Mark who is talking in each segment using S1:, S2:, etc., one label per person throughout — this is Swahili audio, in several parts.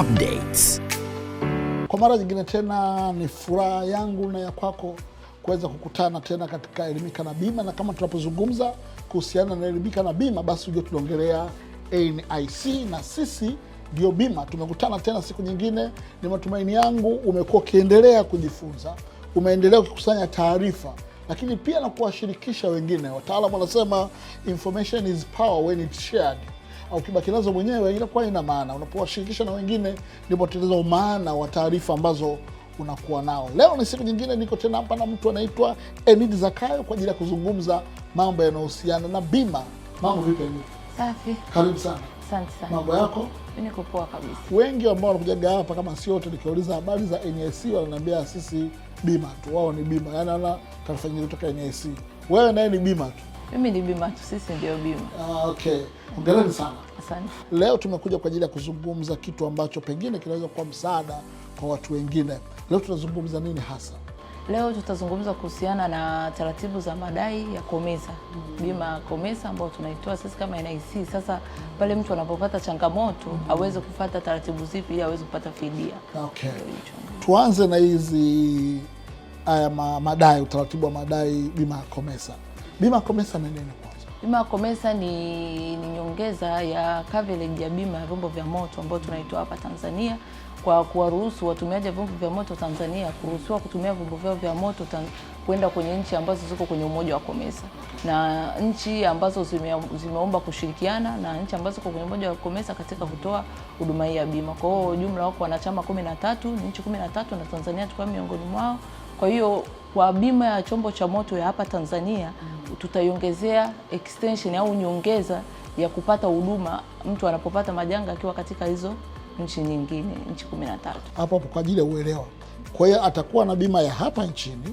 S1: updates. Kwa mara nyingine tena ni furaha yangu na ya kwako kuweza kukutana tena katika Elimika na Bima, na kama tunapozungumza kuhusiana na Elimika na Bima, basi hujua tunaongelea NIC na sisi ndio bima. Tumekutana tena siku nyingine. Ni matumaini yangu umekuwa ukiendelea kujifunza, umeendelea ukikusanya taarifa, lakini pia na kuwashirikisha wengine. Wataalamu wanasema information is power when it's shared au kibaki nazo mwenyewe inakuwa ina maana. Unapowashirikisha na wengine, ndipo unatengeneza umaana wa taarifa ambazo unakuwa nao. Leo ni siku nyingine, niko tena hapa na mtu anaitwa Enid Zakayo kwa ajili ya kuzungumza mambo yanayohusiana na bima. Mambo vipi Enid? Safi. Karibu sana. Asante sana. Mambo yako?
S2: Niko poa kabisa.
S1: Wengi ambao wanakujaga hapa kama si wote, nikiwauliza habari za NIC wananiambia sisi bima tu, wao ni bima, yaani ana taarifa nyingi kutoka NIC. Wewe naye ni bima tu
S2: mimi ni bima tu, sisi ndio bima.
S1: Ah, okay. Hongereni sana. Asante. Leo tumekuja kwa ajili ya kuzungumza kitu ambacho pengine kinaweza kuwa msaada kwa watu wengine. Leo tunazungumza nini hasa?
S2: Leo tutazungumza kuhusiana na taratibu za madai ya COMESA. Mm -hmm. Bima ya COMESA ambayo tunaitoa sisi kama NIC. Sasa pale mtu anapopata changamoto mm -hmm. aweze kufata taratibu zipi ili aweze kupata fidia.
S1: Okay. Tuanze na hizi haya madai, utaratibu wa madai bima ya COMESA. Bima Komesa nini kwanza.
S2: Bima Komesa ni, ni nyongeza ya coverage ya bima ya vyombo vya moto ambayo tunaitoa hapa Tanzania kwa kuwaruhusu watumiaji wa vyombo vya moto Tanzania kuruhusiwa kutumia vyombo vyao vya moto kwenda kwenye nchi ambazo ziko kwenye umoja wa Komesa na nchi ambazo zimeomba kushirikiana na nchi ambazo ziko kwenye umoja wa Komesa katika kutoa huduma hii ya bima. Kwa hiyo jumla wako wanachama kumi na tatu, ni nchi kumi na tatu na Tanzania tukiwa miongoni mwao. Kwa hiyo kwa bima ya chombo cha moto ya hapa Tanzania mm. tutaiongezea extension au nyongeza ya kupata huduma mtu anapopata majanga akiwa katika hizo nchi nyingine, nchi 13 hapo
S1: hapo kwa ajili ya uelewa. Kwa hiyo atakuwa na bima ya hapa nchini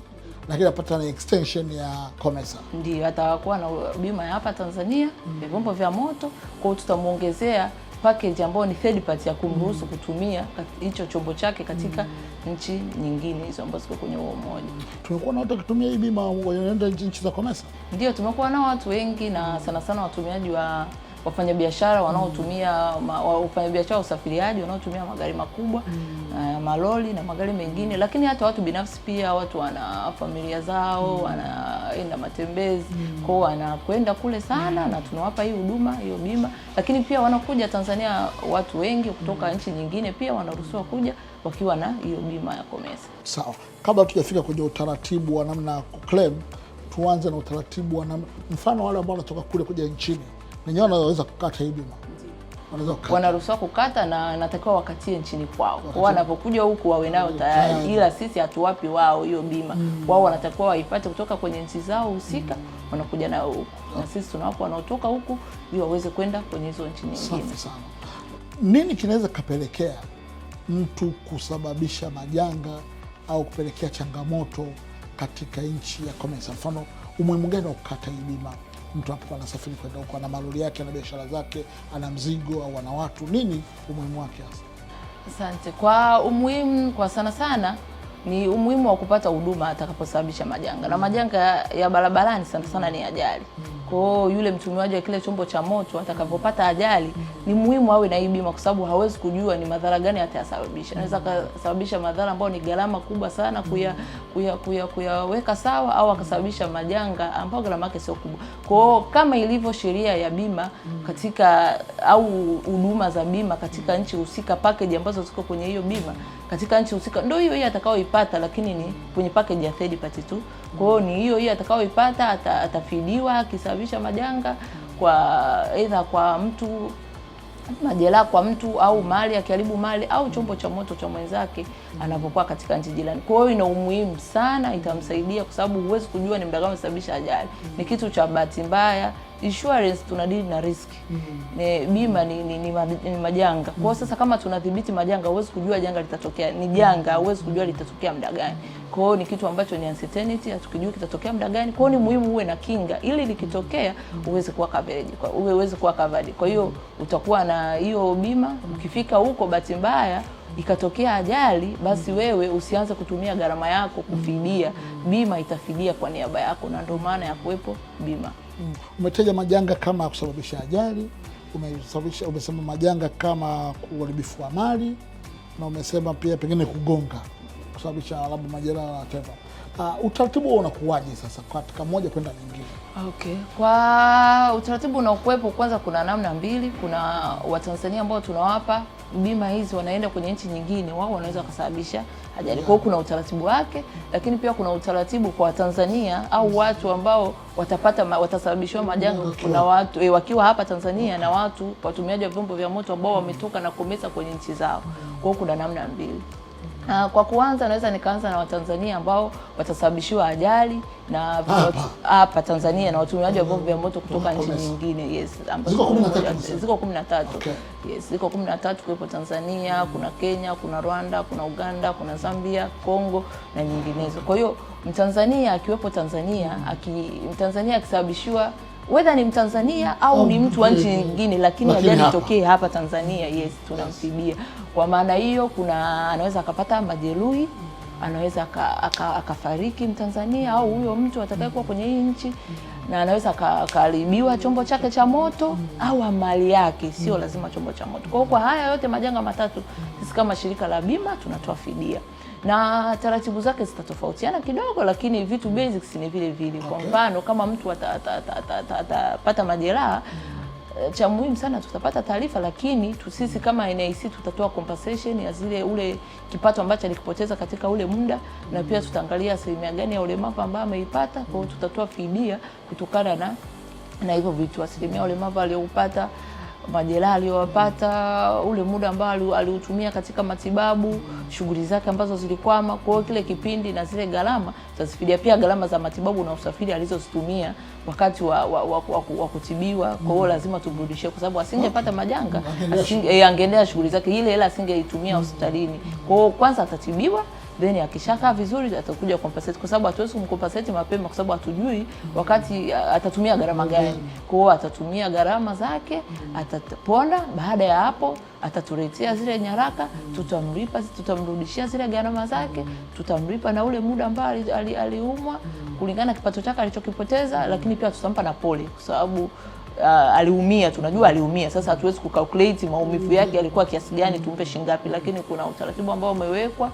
S1: lakini apata na extension ya COMESA,
S2: ndio atakuwa na bima ya hapa Tanzania mm. ya vyombo vya moto, kwa hiyo tutamwongezea package ambayo ni third party ya kumruhusu kutumia hicho chombo chake katika mm. nchi nyingine hizo ambazo ziko kwenye huo umoja.
S1: Tumekuwa na watu wakitumia hii bima wanaenda nchi za Komesa,
S2: ndio tumekuwa na watu wengi na sana sana watumiaji wa wafanyabiashara wanaotumia wafanyabiashara usafiriaji wanaotumia magari makubwa mm. uh, eh, maloli na magari mengine, mm. lakini hata watu binafsi pia, watu wana familia zao mm. wanaenda matembezi mm. kwao wanakwenda kule sana mm. na tunawapa hii huduma hiyo bima, lakini pia wanakuja Tanzania watu wengi kutoka mm. nchi nyingine pia wanaruhusiwa kuja wakiwa na hiyo bima ya komesa
S1: Sawa, kabla tujafika kwenye utaratibu wa namna ya kuclaim, tuanze na utaratibu wa namna, mfano wale ambao wanatoka kule kuja nchini wenyewe wanaweza kukata hii bima
S2: wanaruhusiwa kukata na anatakiwa wakatie nchini kwao, kwa wanapokuja huku wawe nayo tayari, ila sisi hatuwapi wao hiyo bima mm. Wao wanatakiwa waipate kutoka kwenye nchi zao husika mm. Wanakuja nayo huku okay. Na sisi tunawapa wanaotoka huku ili waweze kwenda kwenye hizo nchi nyingine.
S1: Sana nini kinaweza kapelekea mtu kusababisha majanga au kupelekea changamoto katika nchi ya Komesa? Mfano, umuhimu gani wa kukata hii bima? mtu hapo anasafiri kwenda huko, ana malori yake, ana biashara zake, ana mzigo au ana watu, nini umuhimu wake hasa?
S2: Asante kwa umuhimu, kwa sana sana ni umuhimu wa kupata huduma atakaposababisha majanga mm. na majanga ya barabarani sana sana ni ajali mm. Kwa hiyo yule mtumiaji wa kile chombo cha moto atakapopata mm. ajali mm. ni muhimu awe na hii bima, kwa sababu hawezi kujua ni madhara gani atayasababisha. Anaweza mm. akasababisha madhara ambayo ni gharama kubwa sana kuya mm kuyaweka kuya, kuya sawa au akasababisha majanga ambayo gharama yake sio kubwa. Kwa hiyo kama ilivyo sheria ya bima katika au huduma za bima katika nchi husika, package ambazo ziko kwenye hiyo bima katika nchi husika ndio hiyo hiyo atakayoipata, lakini ni kwenye package ya third party tu. Kwa hiyo ni hiyo hiyo atakayoipata, atafidiwa akisababisha majanga kwa aidha kwa mtu majeraha kwa mtu au mali akiharibu mali au chombo cha moto cha mwenzake anapokuwa katika nchi jirani. Kwa hiyo ina umuhimu sana, itamsaidia kwa sababu huwezi kujua ni muda gani umesababisha ajali. Ni kitu cha bahati mbaya, insurance tuna deal na risk mm -hmm. Bima ni, ni, ni, ni majanga kwa hiyo sasa kama tunadhibiti majanga, huwezi kujua janga litatokea, ni janga, huwezi kujua litatokea muda gani. Kwa hiyo ni kitu ambacho ni uncertainty, hatukijui kitatokea muda gani. Kwa hiyo ni muhimu uwe na kinga ili likitokea uweze kuwa covered, kwa uweze kuwa covered. Kwa hiyo utakuwa na hiyo bima, ukifika huko bahati mbaya ikatokea ajali basi, wewe usianze kutumia gharama yako kufidia. Bima itafidia kwa niaba yako, na ndio maana ya kuwepo bima. Mm.
S1: Umetaja majanga kama kusababisha ajali, umesema majanga kama uharibifu wa mali na umesema pia pengine kugonga kusababisha labda majeraha ya teva. Uh, utaratibu huo unakuwaje sasa katika moja kwenda nyingine?
S2: Okay. Kwa utaratibu unaokuwepo, kwanza kuna namna mbili, kuna Watanzania ambao tunawapa bima hizi wanaenda kwenye nchi nyingine, wao wanaweza wakasababisha ajali. Kwa hiyo kuna utaratibu wake, lakini pia kuna utaratibu kwa Tanzania au watu ambao watapata watasababishiwa majanga. Kuna watu e, wakiwa hapa Tanzania na watu watumiaji wa vyombo vya moto ambao wametoka na kumeza kwenye nchi zao. Kwa hiyo kuna namna mbili. Na ah, kwa kuanza naweza nikaanza na Watanzania ambao watasababishiwa ajali na hapa Tanzania na watumiaji wa vyombo vya moto kutoka nchi nyingine. Yes, ziko kumi na tatu. Okay. Yes, ziko kumi na tatu kuwepo Tanzania mm. Kuna Kenya, kuna Rwanda, kuna Uganda, kuna Zambia, Kongo na nyinginezo. Kwa hiyo Mtanzania akiwepo Tanzania, aki, Mtanzania akisababishiwa whether ni Mtanzania au ni mtu wa nchi nyingine, lakini ajali itokee hapa Tanzania, yes, tunamtibia. Kwa maana hiyo, kuna anaweza akapata majeruhi, anaweza akafariki Mtanzania au huyo mtu atakayekuwa kwenye hii nchi, na anaweza akaharibiwa chombo chake cha moto au mali yake, sio lazima chombo cha moto. Kwa hiyo, kwa haya yote majanga matatu, sisi kama shirika la bima tunatoa fidia na taratibu zake zitatofautiana kidogo, lakini vitu basics ni vile vile. Kwa mfano kama mtu atapata majeraha mm. cha muhimu sana tutapata taarifa, lakini tu sisi kama NIC tutatoa compensation ya zile ule kipato ambacho alikipoteza katika ule muda, na pia mm. tutaangalia asilimia gani ya ulemavu ambayo ameipata. Kwa hiyo mm. tutatoa fidia kutokana na na hivyo vitu, asilimia ulemavu aliyoupata majeraha aliyowapata, ule muda ambao aliutumia katika matibabu, shughuli zake ambazo zilikwama. Kwa hiyo kile kipindi na zile gharama tazifidia, pia gharama za matibabu na usafiri alizozitumia wakati wa, wa, wa, wa, wa kutibiwa. Kwa hiyo lazima tumrudishie, kwa sababu asingepata majanga, eh, angeendea shughuli zake, ile hela asingeitumia hospitalini. Kwa hiyo kwanza atatibiwa then akishakaa vizuri atakuja compensate, kwa sababu hatuwezi kumcompensate mapema, kwa sababu hatujui wakati uh, atatumia gharama mm-hmm. gani. Kwa hiyo atatumia gharama zake, mm-hmm. atapona. Baada ya hapo ataturetea zile nyaraka, mm-hmm. tutamlipa, tutamrudishia zile gharama zake, tutamlipa na ule muda ambao aliumwa ali, kulingana na kipato chake alichokipoteza, lakini pia tutampa na pole kwa sababu Uh, aliumia, tunajua aliumia. Sasa hatuwezi kucalculate maumivu yake alikuwa kiasi gani, tumpe shilingi ngapi, lakini kuna utaratibu ambao umewekwa.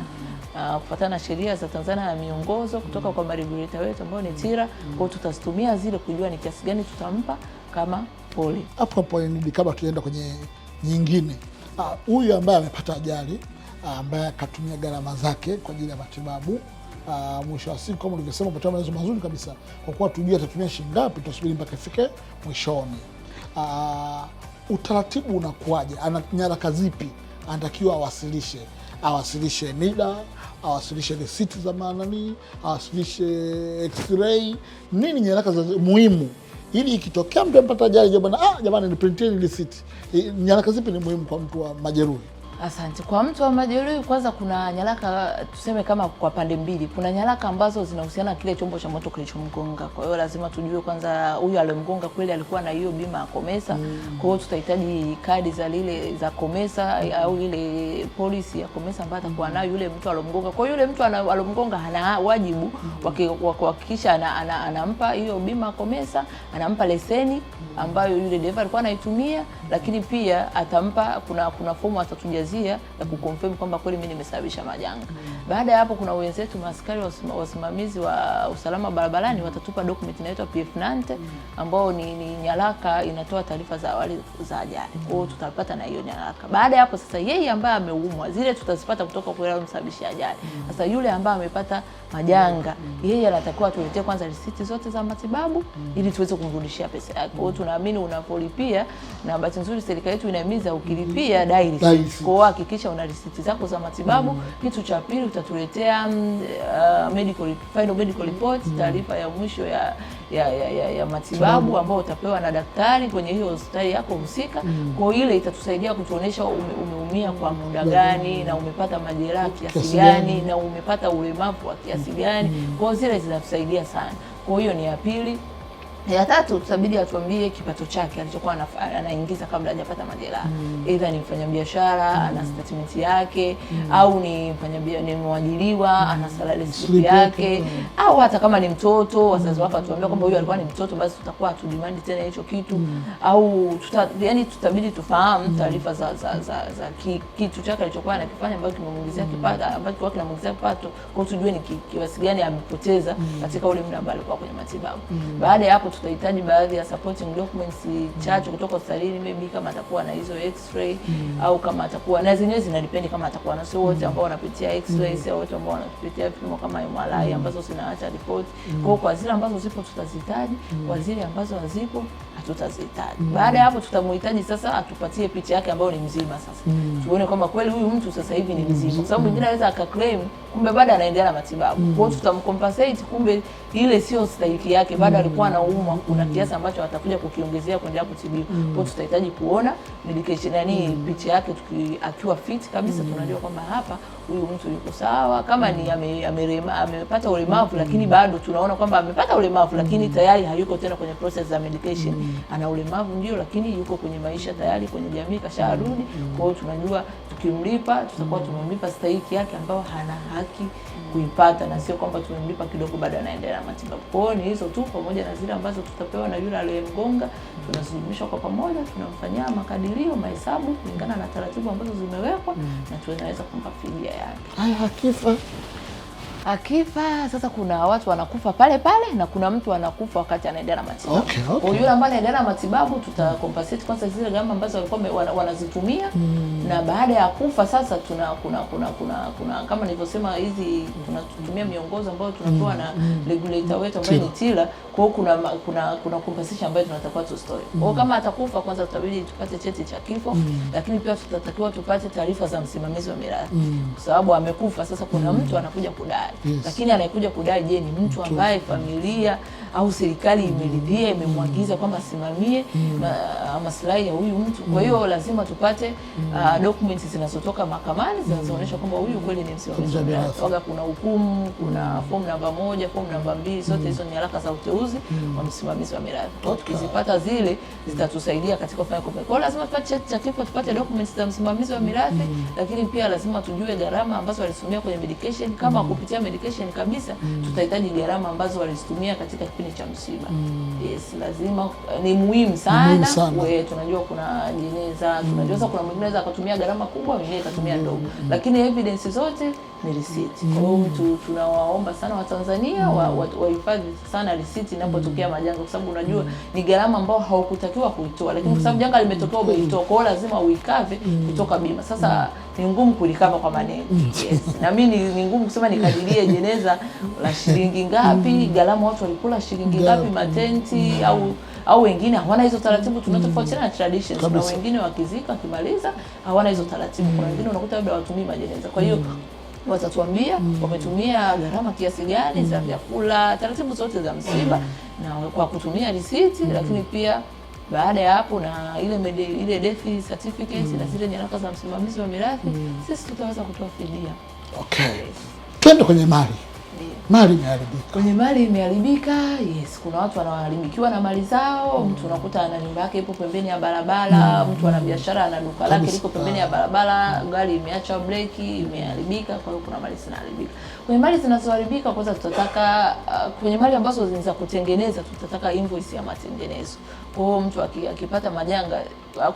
S2: Ah, kufuatana na sheria za Tanzania na miongozo kutoka mm. kwa mareguleta wetu ambao ni TIRA mm. kwao, tutazitumia zile kujua ni kiasi gani tutampa kama pole.
S1: Hapo hapo ni kama tuenda kwenye nyingine, ah, huyu ambaye amepata ajali ah, ambaye akatumia gharama zake kwa ajili ya matibabu Uh, mwisho wa siku kama ulivyosema, umetoa maelezo mazuri kabisa, kwa kuwa tujue atatumia shilingi ngapi, tusubiri mpaka ifike mwishoni. Uh, utaratibu unakuwaje? Ana nyaraka zipi anatakiwa awasilishe? Awasilishe NIDA awasilishe risiti za maanani, awasilishe x-ray, nini, nyaraka za muhimu, ili ikitokea mtu amepata ajali, bwana, ah, jamani, niprintieni risiti. Nyaraka zipi ni muhimu kwa mtu wa majeruhi?
S2: Asante. Kwa mtu wa majeruhi, kwanza kuna nyaraka tuseme kama kwa pande mbili, kuna nyaraka ambazo zinahusiana kile chombo cha moto kilichomgonga. Kwa hiyo lazima tujue kwanza huyu aliyemgonga kweli alikuwa na hiyo bima ya Komesa. Mm. Kwa hiyo tutahitaji kadi za lile za Komesa mm. au ile polisi ya Komesa ambayo atakuwa mm. nayo yule mtu aliyomgonga. Kwa hiyo yule mtu aliyomgonga ana wajibu mm. wa kuhakikisha anampa hiyo bima ya Komesa, anampa leseni mm. ambayo yule dereva alikuwa anaitumia lakini pia atampa, kuna kuna fomu atatujazia ya kuconfirm kwamba kweli mimi nimesababisha majanga. Mm. Baada ya hapo, kuna wenzetu maaskari wasimamizi wa usalama barabarani mm. watatupa document inaitwa PF90 mm. ambao ni, ni nyaraka inatoa taarifa za awali za ajali. Kwa hiyo tutapata na hiyo nyaraka. Baada ya hapo sasa, yeye ambaye ameumwa zile tutazipata kutoka kwa yule msababisha ajali. Sasa yule ambaye amepata majanga, yeye anatakiwa atuletee kwanza risiti zote za matibabu ili tuweze kumrudishia pesa yake. Kwa hiyo tunaamini unapolipia na bahati nzuri serikali yetu inahimiza ukilipia mm-hmm. dai risiti. Kwa hakikisha una risiti zako za matibabu. mm. Kitu cha pili utatuletea mm, uh, medical final medical report, mm-hmm. taarifa ya mwisho ya ya, ya, ya, ya matibabu ambayo utapewa na daktari kwenye hiyo hospitali yako husika. mm. Kwa hiyo ile itatusaidia kutuonesha ume, umeumia kwa muda gani na umepata majeraha kiasi gani na umepata ulemavu wa kiasi gani. Kwa hiyo zile zinatusaidia sana. Kwa hiyo ni ya pili ya tatu tutabidi atuambie kipato chake alichokuwa anaingiza kabla hajapata majeraha, aidha mm. ni mfanyabiashara mm. ana statement yake mm. au ni mfanyabiashara ni mwajiriwa mm. ana salary slip yake mm. au hata kama ni mtoto wazazi mm. wake atuambia kwamba huyu alikuwa ni mtoto, basi tutakuwa hatudimandi tena hicho kitu mm. au tuta, yani tutabidi tufahamu mm. taarifa za za, za, za ki, kitu chake alichokuwa anakifanya ambayo kimemuongezea mm. kipato ambacho kwa kinamuongezea kipato, kwa tujue ni kiasi gani amepoteza mm. katika ule muda ambao alikuwa kwenye matibabu mm. baada ya hapo tutahitaji baadhi ya supporting documents mm. chachu kutoka hospitalini, maybe kama atakuwa na hizo x-ray mm. au kama atakuwa na zenyewe zinadepend, kama atakuwa na sio wote mm. ambao wanapitia x-ray mm. sio wote ambao wanapitia vipimo kama MRI mm. ambazo zinaacha report mm. kwa kwa zile ambazo zipo tutazihitaji mm. kwa zile ambazo hazipo hatutazihitaji mm. baada ya hapo tutamhitaji sasa atupatie picha yake ambayo ni mzima sasa mm. tuone kama kweli huyu mtu sasa hivi ni mzima, kwa sababu mwingine anaweza akaclaim kumbe bado anaendelea na matibabu mm. kwa hiyo tutamcompensate kumbe ile sio stahiki yake baada alikuwa mm. na unaumwa, kuna mm. kiasi ambacho atakuja kukiongezea kuendelea kutibiwa. Mm. Kwa tutahitaji kuona medication yani mm. picha yake, akiwa fit kabisa tunajua kwamba hapa huyu mtu yuko sawa, kama ni amepata ulemavu lakini bado tunaona kwamba amepata ulemavu lakini tayari hayuko tena kwenye process za medication. Ana ulemavu ndio, lakini yuko kwenye maisha tayari, kwenye jamii kasharudi. Kwa hiyo tunajua tukimlipa tutakuwa mm. tumemlipa stahiki yake ambayo hana haki kuipata, na sio kwamba tumemlipa kidogo bado anaendelea na matibabu. Kwa hiyo ni hizo tu, pamoja na zile ambazo tutapewa na yule aliyemgonga, mm. tunazijumuisha kwa pamoja, tunamfanyia makadirio, mahesabu kulingana na taratibu ambazo zimewekwa, mm. na tunaweza kumpa fidia yake.
S1: Haya, akifa
S2: akifa sasa, kuna watu wanakufa pale pale na kuna mtu anakufa wakati anaendelea na matibabu. Okay, okay. Kwa Yule ambaye anaendelea na matibabu tuta compensate kwanza zile gharama ambazo walikuwa wanazitumia mm. na baada ya kufa sasa tuna kuna kuna kuna, kuna kama nilivyosema hizi tunatumia miongozo ambayo tunapewa mm. na hmm, hmm. regulator wetu ambaye ni TILA. Kwa hiyo kuna kuna kuna compensation ambayo tunatakiwa tu Mm. Kwa hmm. kama atakufa kwanza tutabidi tupate cheti cha kifo mm. lakini pia tutatakiwa tupate taarifa za msimamizi wa miradi. mm. kwa sababu amekufa sasa, kuna mm. mtu anakuja kudai yes. Lakini anayekuja kudai je, ni mtu ambaye familia au serikali imeridhia imemwagiza kwamba asimamie mm. maslahi ya huyu mtu. Kwa hiyo mm. lazima tupate mm. uh, dokumenti zinazotoka mahakamani zinazoonyesha kwamba huyu kweli ni msimamizi waga, kuna hukumu, kuna fomu namba moja, fomu namba mbili, zote hizo ni nyaraka za uteuzi wa msimamizi wa miradi. tukizipata zile zitatusaidia katika kufanya kwa hiyo lazima tupate cheti cha kifo, tupate documents za msimamizi wa miradi, lakini pia lazima tujue gharama ambazo walitumia kwenye medication. Kama kupitia medication kabisa, tutahitaji gharama ambazo walizitumia katika kipindi cha msiba mm. Yes, lazima ni muhimu sana We, tunajua kuna jeneza, tunajua mm. kuna mwingine anaweza akatumia gharama kubwa, mwingine akatumia ndogo mm. lakini evidence zote ni risiti. Mm. Kwa hiyo mm. tunawaomba sana Watanzania mm. wahifadhi wa, wa sana risiti inapotokea mm. majanga, kwa sababu unajua mm. ni gharama ambayo haukutakiwa kuitoa, lakini kwa sababu mm. janga limetokea mm. umeitoa, kwa hiyo lazima uikave mm. kutoka bima. Sasa ni ngumu kulikava kwa maneno yes. na mimi ni ngumu kusema nikadirie jeneza la shilingi ngapi, gharama watu walikula shilingi ngapi, matenti mm. au au wengine hawana hizo taratibu. Tunatofautiana mm. traditions na wengine wakizika wakimaliza hawana hizo taratibu mm. kuna wengine unakuta labda watumii majeneza, kwa hiyo mm watatuambia mm. wametumia gharama kiasi gani za mm. vyakula, taratibu zote za msiba mm. na kwa kutumia risiti mm. lakini pia baada ya hapo na ile mede, ile death certificate mm. na zile nyaraka za msimamizi wa mirathi mm. sisi tutaweza kutoa fidia.
S1: Okay, twende kwenye mali mali imeharibika,
S2: kwenye mali imeharibika. Yes, kuna watu wanaharibikiwa na mali zao. mm. Mtu unakuta ana nyumba yake ipo pembeni ya barabara, mm. mtu ana biashara, ana duka lake liko pembeni ya barabara, mm. gari imeacha breki, imeharibika. Kwa hiyo kuna mali zinaharibika. Kwenye mali zinazoharibika, kwanza tutataka uh, kwenye mali ambazo za kutengeneza, tutataka invoice ya matengenezo. Kwa hiyo mtu akipata majanga,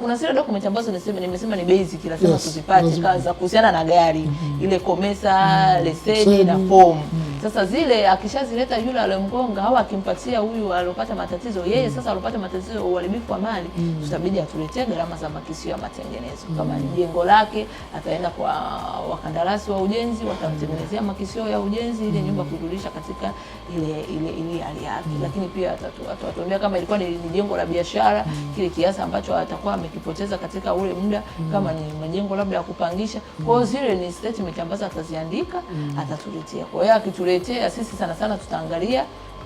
S2: kuna zile document ambazo nimesema nimesema ni basic, lazima yes, tuzipate kaza kuhusiana na gari mm -hmm. ile COMESA hmm. leseni na form mm -hmm. Sasa zile akishazileta yule aliyomgonga au akimpatia huyu aliyopata matatizo yeye, mm. Sasa aliyopata matatizo uharibifu wa mali mm. tutabidi atuletee gharama za makisio ya matengenezo mm. kama ni jengo lake, ataenda kwa wakandarasi wa ujenzi, watamtengenezea makisio ya ujenzi ile mm. nyumba kurudisha katika ile ile ile hali yake mm. lakini pia atatuambia kama ilikuwa ni jengo la biashara mm. kile kiasi ambacho atakuwa amekipoteza katika ule muda mm. kama ni majengo labda ya kupangisha mm. kwa hiyo mm. zile ni statement ambazo ataziandika mm. atatuletea kwa hiyo akitule kutuletea sisi, sana sana tutaangalia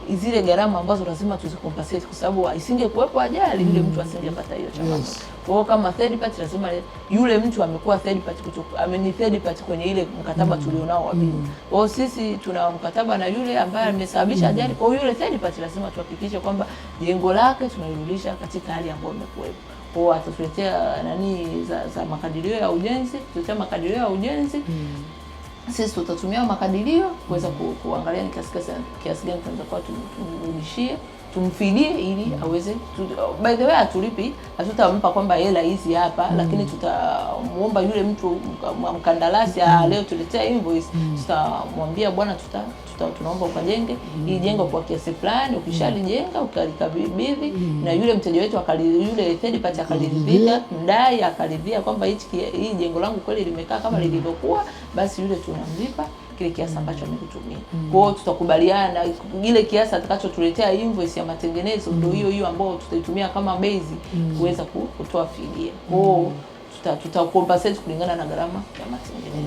S2: zile gharama ambazo lazima tuzikompensate kwa sababu isingekuwepo ajali yule mtu mm. asingepata hiyo changamoto. Kwa kama third party lazima yule mtu amekuwa third party kutoku, ameni third party kwenye ile mkataba mm. tulionao wa bima. Mm. Kwa sisi tuna mkataba na yule ambaye mm. amesababisha mm. ajali. Kwa hiyo yule third party lazima tuhakikishe kwamba jengo lake tunarudisha katika hali ambayo imekuwepo. Kwa hiyo atatuletea nani za, za makadirio ya ujenzi, tutetea makadirio ya ujenzi. Mm sisi tutatumia makadirio kuweza ku, kuangalia ni kiasi kiasi gani tunaweza kuwa tumrudishie tumfidie ili mm. aweze tu, by the way atulipi, hatutampa kwamba hela hizi hapa mm Lakini tutamuomba yule mtu mkandarasi mm ah, Leo tuletea invoice mm Tutamwambia bwana, tuta Star, tunaomba ukajenge ili mm-hmm. jengo kwa kiasi fulani, ukishalijenga mm-hmm. ukalikabidhi mm-hmm. na yule mteja wetu yule third party akaridhika, mdai akalidhia kwamba hii jengo langu kweli limekaa kama lilivyokuwa, basi yule tunamlipa kile kiasi ambacho amekutumia. Kwa hiyo tutakubaliana ile kiasi atakachotuletea invoice ya matengenezo ndio hiyo hiyo ambayo tutaitumia kama base kuweza kutoa fidia. Kwa hiyo tutakompensate tuta kulingana na gharama ya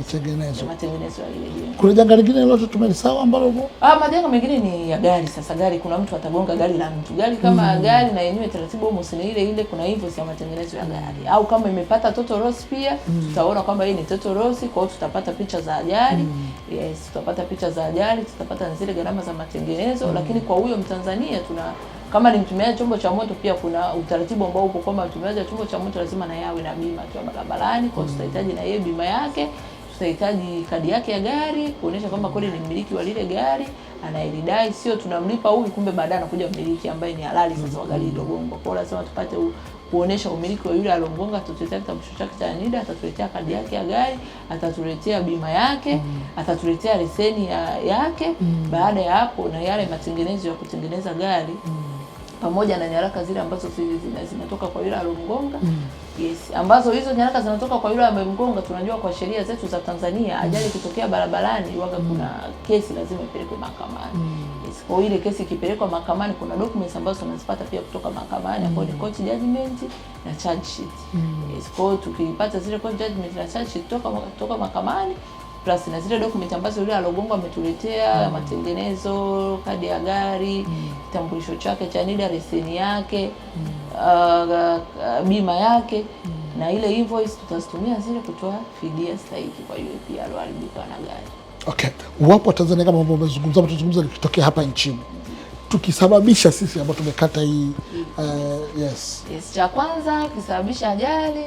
S2: matengenezo matengenezo ya ile jengo.
S1: Kuna janga lingine lolote tumelisawa ambalo
S2: ah, majanga mengine ni ya gari. Sasa gari, kuna mtu atagonga gari la mtu, gari kama mm. gari na yenyewe taratibu huko ni ile ile, kuna invoice ya matengenezo ya gari, au kama imepata total loss pia mm. tutaona kwamba hii ni total loss, kwa hiyo tutapata picha za ajali mm. yes, tutapata picha za ajali, tutapata zile gharama za matengenezo mm. lakini kwa huyo Mtanzania tuna kama ni mtumiaji chombo cha moto, pia kuna utaratibu ambao upo kwamba mtumiaji wa chombo cha moto lazima na yawe na bima akiwa barabarani, kwa tutahitaji na yeye bima yake, tutahitaji kadi yake ya gari kuonyesha kwamba kweli ni mmiliki wa lile gari anaelidai, sio tunamlipa huyu, kumbe baadaye anakuja mmiliki ambaye ni halali sasa wa gari iliyogongwa. Kwa hiyo lazima tupate u kuonesha umiliki wa yule alomgonga. Atatuletea kitambulisho chake cha NIDA, atatuletea kadi yake ya gari, atatuletea bima yake mm. atatuletea leseni ya, yake mm. baada ya hapo na yale matengenezo ya kutengeneza gari mm pamoja na nyaraka zile ambazo zina, zinatoka kwa yule alomgonga mm. Yes, ambazo hizo nyaraka zinatoka kwa yule amemgonga. Tunajua kwa sheria zetu za Tanzania mm. ajali ikitokea barabarani waga mm. kuna kesi lazima ipelekwe mahakamani mm. Yes, kwa ile kesi ikipelekwa mahakamani kuna documents ambazo tunazipata pia kutoka mahakamani mm. ni court judgment na charge sheet mm. Yes, kwa hiyo tukipata zile court judgment na charge sheet kutoka kutoka mahakamani plus na zile dokumenti ambazo yule alogongwa ametuletea mm. matengenezo, kadi ya gari mm. kitambulisho chake cha NIDA, leseni yake mm. uh, uh bima yake mm. na ile invoice tutazitumia zile kutoa fidia stahiki kwa yule pia aloharibika na gari.
S1: Okay, wapo Tanzania kama ambao umezungumza hapo, tuzungumza nikitokea hapa nchini tukisababisha sisi ambao tumekata hii mm. uh, yes.
S2: Yes, cha kwanza kisababisha ajali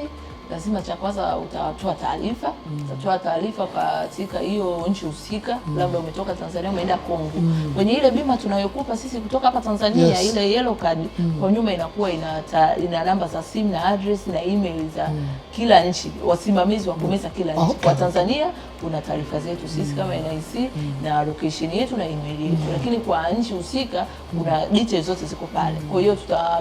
S2: lazima cha kwanza utatoa taarifa mm. utatoa taarifa katika hiyo nchi husika mm. labda umetoka Tanzania umeenda Kongo mm. kwenye ile bima tunayokupa sisi kutoka hapa Tanzania yes. ile yellow card mm. kwa nyuma inakuwa ina, ina namba za simu na address na email za mm kila nchi, wasimamizi wa COMESA kila oh, nchi okay. Kwa Tanzania kuna taarifa zetu sisi mm. kama NIC mm. na location yetu na email yetu mm. lakini kwa nchi husika kuna mm. details zote ziko pale. Mm. Kwa hiyo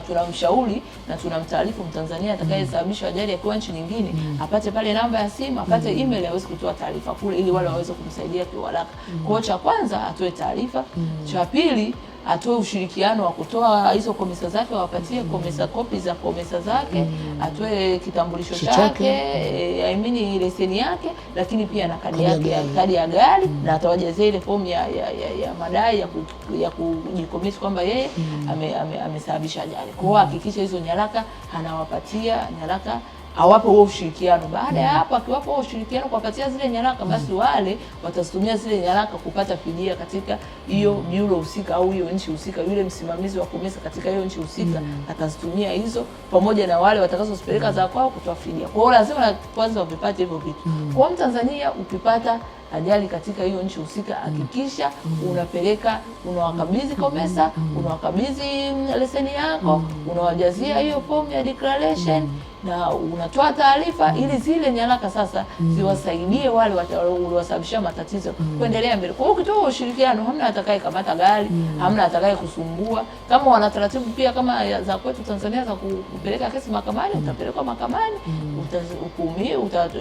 S2: tunamshauri na tunamtaarifu Mtanzania atakayesababisha mm. ajali akiwa nchi nyingine mm. apate pale namba ya simu, apate mm. email aweze kutoa taarifa kule, ili wale waweze kumsaidia kwa haraka. Kwa hiyo cha kwanza atoe taarifa, cha pili atoe ushirikiano wa kutoa hizo komesa zake, wapatie komesa kopi za komesa zake, mm. atoe kitambulisho chake, eh, I mean leseni yake, lakini pia na kadi yake, kadi ya gari, mm. na atawajazia ile fomu ya ya madai ya kujikomesa kwamba yeye mm. amesababisha ajali. Kwa hiyo hakikisha hizo nyaraka anawapatia nyaraka awape huo ushirikiano. Baada ya hapo, akiwapo huo ushirikiano, kuwapatia zile nyaraka, basi mm. wale watazitumia zile nyaraka kupata fidia katika hiyo mm. biuro husika au hiyo nchi husika. Yule msimamizi wa kumesa katika hiyo nchi husika mm. atazitumia hizo, pamoja na wale watakazozipeleka za kwao kutoa fidia. Kwa hiyo lazima kwanza wavipate hivyo vitu. Kwa Mtanzania ukipata ajali katika hiyo nchi husika, mm. hakikisha mm. unapeleka unawakabidhi COMESA, mm. unawakabidhi leseni yako, unawajazia hiyo fomu ya declaration na unatoa taarifa ili zile nyaraka sasa ziwasaidie wale waliowasababishia matatizo kuendelea mbele. Kwa hiyo ukitoa ushirikiano, hamna atakaye kamata gari, hamna atakaye kusumbua. Kama wana taratibu pia kama za kwetu Tanzania za kupeleka kesi mahakamani, utapelekwa mahakamani,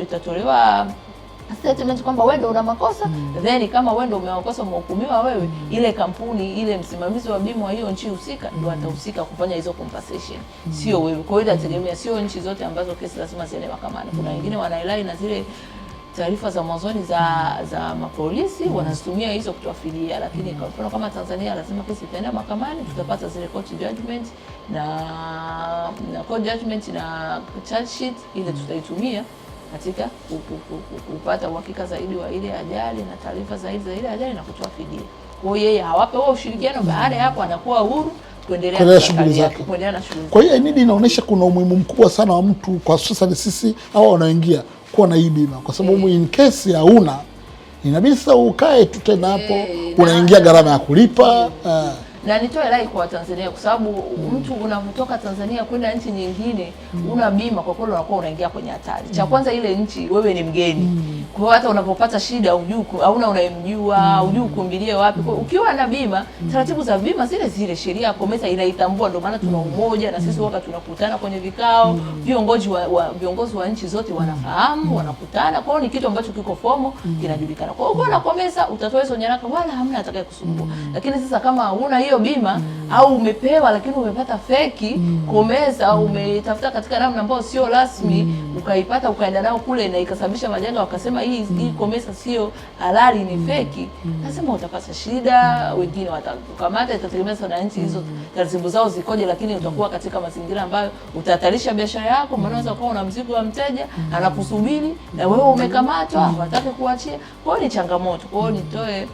S2: utatolewa statement kwamba wewe ndio una makosa mm. Then kama wewe ndio umewakosa umehukumiwa wewe, mm. ile kampuni ile msimamizi wa bima hiyo nchi husika ndio mm. atahusika kufanya hizo compensation mm. Sio wewe. Kwa hiyo inategemea, sio nchi zote ambazo kesi lazima ziende mahakamani. Kuna mm. wengine wanailai na zile taarifa za mwanzoni za za mapolisi mm. wanazitumia hizo kutuafidia, lakini mm. kwa mfano kama Tanzania lazima kesi itaenda mahakamani, tutapata zile court judgment na na court judgment na charge sheet ile mm. tutaitumia katika kupata uhakika zaidi wa ile ajali na taarifa zaidi za ile ajali na kutoa fidia. Kwa hiyo yeye hawape wao ushirikiano, baada ya hapo anakuwa huru kuendelea
S1: na shughuli zake. Kwa hiyo NIDA inaonyesha kuna umuhimu mkubwa sana wa mtu kwa sasa, sisi au wanaoingia kuwa na hii bima, kwa sababu eh. in case hauna inabidi sasa ukae tu tena hapo, eh, unaingia gharama ya kulipa. Eh
S2: na nitoe rai kwa Watanzania kwa sababu mm. mtu unavyotoka Tanzania kwenda nchi nyingine mm. una bima, kwa kweli unakuwa unaingia kwenye hatari. mm. Cha kwanza ile nchi wewe ni mgeni mm. kwa hata unapopata shida hujui hauna unayemjua mm. hujui mm. kumbilie wapi mm. ukiwa na bima mm. taratibu za bima zile zile sheria ya COMESA inaitambua, ndio maana tuna mm. umoja na sisi wakati tunakutana kwenye vikao mm. viongozi wa, wa, viongozi wa nchi zote mm. wanafahamu mm. wanakutana, kwa hiyo ni kitu ambacho kiko fomo mm. kinajulikana. Kwa hiyo kwa na COMESA utatoa hizo nyaraka, wala hamna atakayekusumbua mm. lakini sasa kama huna hiyo hiyo bima mm. au umepewa lakini umepata feki mm. komesa mm. umetafuta katika namna ambayo sio rasmi mm. ukaipata ukaenda nao kule na ikasababisha majanga, wakasema hii mm. hii komesa sio halali, ni mm. feki, mm. nasema utapata shida mm. wengine watakukamata. Itategemea sana nchi hizo mm. taratibu zao zikoje, lakini mm. utakuwa katika mazingira ambayo utahatarisha biashara yako, maana mm. unaweza kuwa una mzigo wa mteja anakusubiri na wewe umekamatwa, mm. hawataki kuachia. Kwa hiyo ni changamoto, kwa hiyo nitoe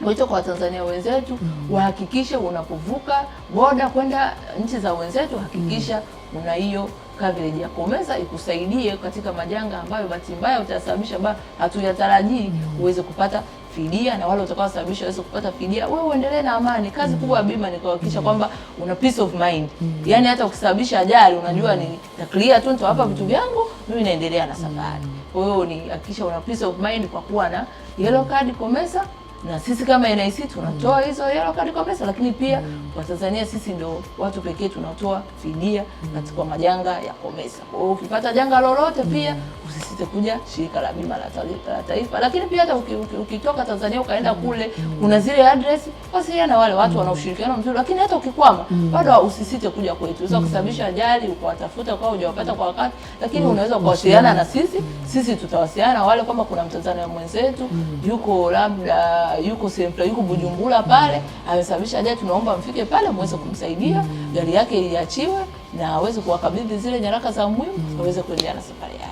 S2: Mwito kwa Watanzania wenzetu mm. wahakikishe unapovuka boda kwenda nchi za wenzetu, hakikisha mm. una hiyo coverage ya COMESA ikusaidie katika majanga ambayo bahati mbaya utasababisha ba hatuyatarajii uweze kupata fidia na wale utakaosababisha waweze kupata fidia, wewe uendelee na amani. Kazi mm. kubwa ya bima ni kuhakikisha kwamba una peace of mind, mm. yani hata ukisababisha ajali unajua mm. ni clear tu, hapa vitu mm. vyangu, mimi naendelea na safari. mm. Kwa hiyo ni hakikisha una peace of mind kwa kuwa na yellow card COMESA na sisi kama NIC tunatoa mm. hizo hela wakati kwa pesa, lakini pia mm. Tanzania sisi ndo watu pekee tunatoa fidia mm. katika majanga ya COMESA. Kwa hiyo ukipata janga lolote mm. pia usisite kuja shirika la bima la taifa, lakini pia hata ukitoka Tanzania ukaenda mm. kule mm. kuna zile address wasiliana na wale watu mm. wana ushirikiano mzuri, lakini hata ukikwama mm. bado usisite kuja kwetu, unaweza mm. kusababisha ajali ukawatafuta kwa hujawapata kwa wakati, lakini mm. unaweza kuwasiliana na sisi, mm. sisi tutawasiliana wale kama kuna Mtanzania mwenzetu mm. yuko labda yuko sehemu yuko Bujumbura pale, amesababisha ajali, tunaomba mfike pale muweze kumsaidia, gari yake iachiwe na aweze kuwakabidhi zile nyaraka za muhimu aweze kuendelea na safari yake.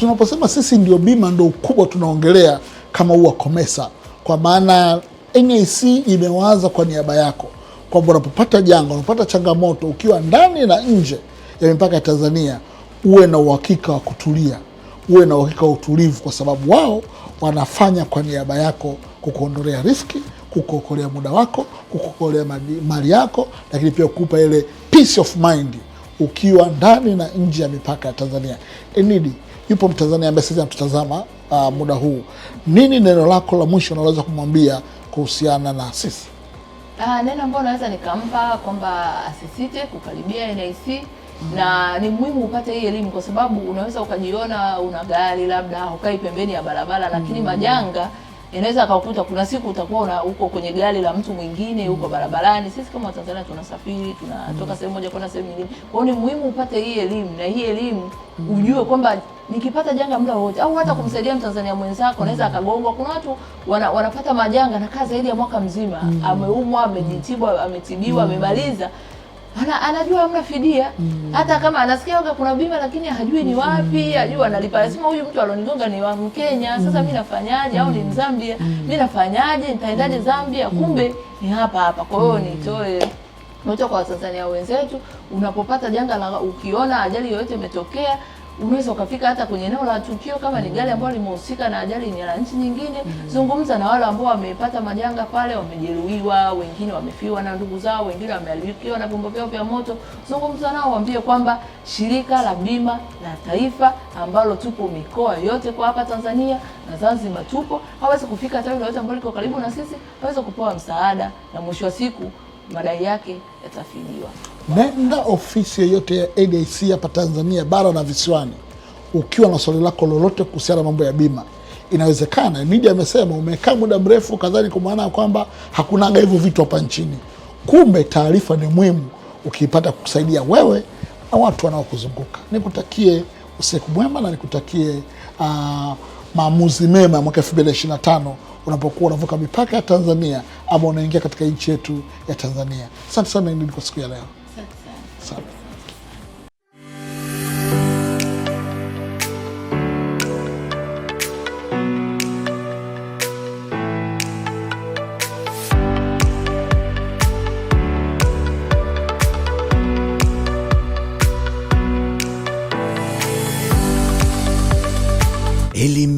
S1: Tunaposema sisi ndio bima ndio ukubwa tunaongelea kama huwa COMESA, kwa maana NAC imewaza kwa niaba yako kwamba unapopata janga, unapata changamoto ukiwa ndani na nje ya mipaka ya Tanzania, uwe na uhakika wa kutulia, uwe na uhakika wa utulivu, kwa sababu wao wanafanya kwa niaba yako kukuondolea riski, kukuokolea muda wako, kukuokolea mali yako, lakini pia kukupa ile peace of mind ukiwa ndani na nje ya mipaka ya Tanzania. Enidi, yupo Mtanzania ambaye sasa anatutazama uh, ah, muda huu, nini neno lako la mwisho unaloweza kumwambia kuhusiana na sisi?
S2: Uh, neno ambayo naweza nikampa kwamba asisite kukaribia NIC mm-hmm. na ni muhimu upate hii elimu kwa sababu unaweza ukajiona una gari labda ukai pembeni ya barabara, lakini mm-hmm. majanga inaweza akakuta kuna siku utakuwa una uko kwenye gari la mtu mwingine mm. barabarani. Sisi kama Watanzania tunasafiri, tunatoka mm. sehemu moja kwenda sehemu nyingine. Kwa ni muhimu upate hii elimu, na hii elimu mm. ujue kwamba nikipata janga muda wote au hata kumsaidia Mtanzania mwenzako mm. anaweza akagongwa. Kuna watu wana, wanapata majanga na kaa zaidi ya mwaka mzima, mm. ameumwa, amejitibwa ametibiwa, amemaliza ana, anajua hamna fidia mm. hata kama anasikia kuna bima lakini hajui ni hmm. wapi, hajui analipa. Lazima huyu mtu alionigonga ni wa Mkenya, sasa hmm. mi nafanyaje? Au ni Mzambia, hmm. mi nafanyaje? nitaendaje Zambia? kumbe ni hapa hapa. Kwa hiyo nitoe moto kwa Watanzania wenzetu, unapopata janga la, ukiona ajali yoyote imetokea unaweza ukafika hata kwenye eneo la tukio, kama ni gari ambalo limehusika na ajali ni la nchi nyingine. Zungumza na wale ambao wamepata majanga pale, wamejeruhiwa, wengine wamefiwa na ndugu zao, wengine wameharibikiwa na vyombo vyao vya moto. Zungumza nao, waambie kwamba shirika la bima la taifa ambalo tupo mikoa yote kwa hapa Tanzania na Zanzibar tupo, hawezi kufika tawi lolote ambalo liko karibu na sisi, hawezi kupewa msaada, na mwisho wa siku madai yake yatafidiwa.
S1: Nenda ofisi yoyote ya ADC hapa Tanzania bara na visiwani, ukiwa na swali lako lolote kuhusiana na mambo ya bima. Inawezekana media amesema umekaa muda mrefu kadhani, kwa maana ya kwamba hakunaga hivyo vitu hapa nchini. Kumbe taarifa ni muhimu, ukiipata kukusaidia wewe na watu wanaokuzunguka. Nikutakie usiku mwema na nikutakie uh, maamuzi mema mwaka 2025 unapokuwa unavuka mipaka ya Tanzania ama unaingia katika nchi yetu ya Tanzania. Asante sana kwa siku ya leo. Sağ olun.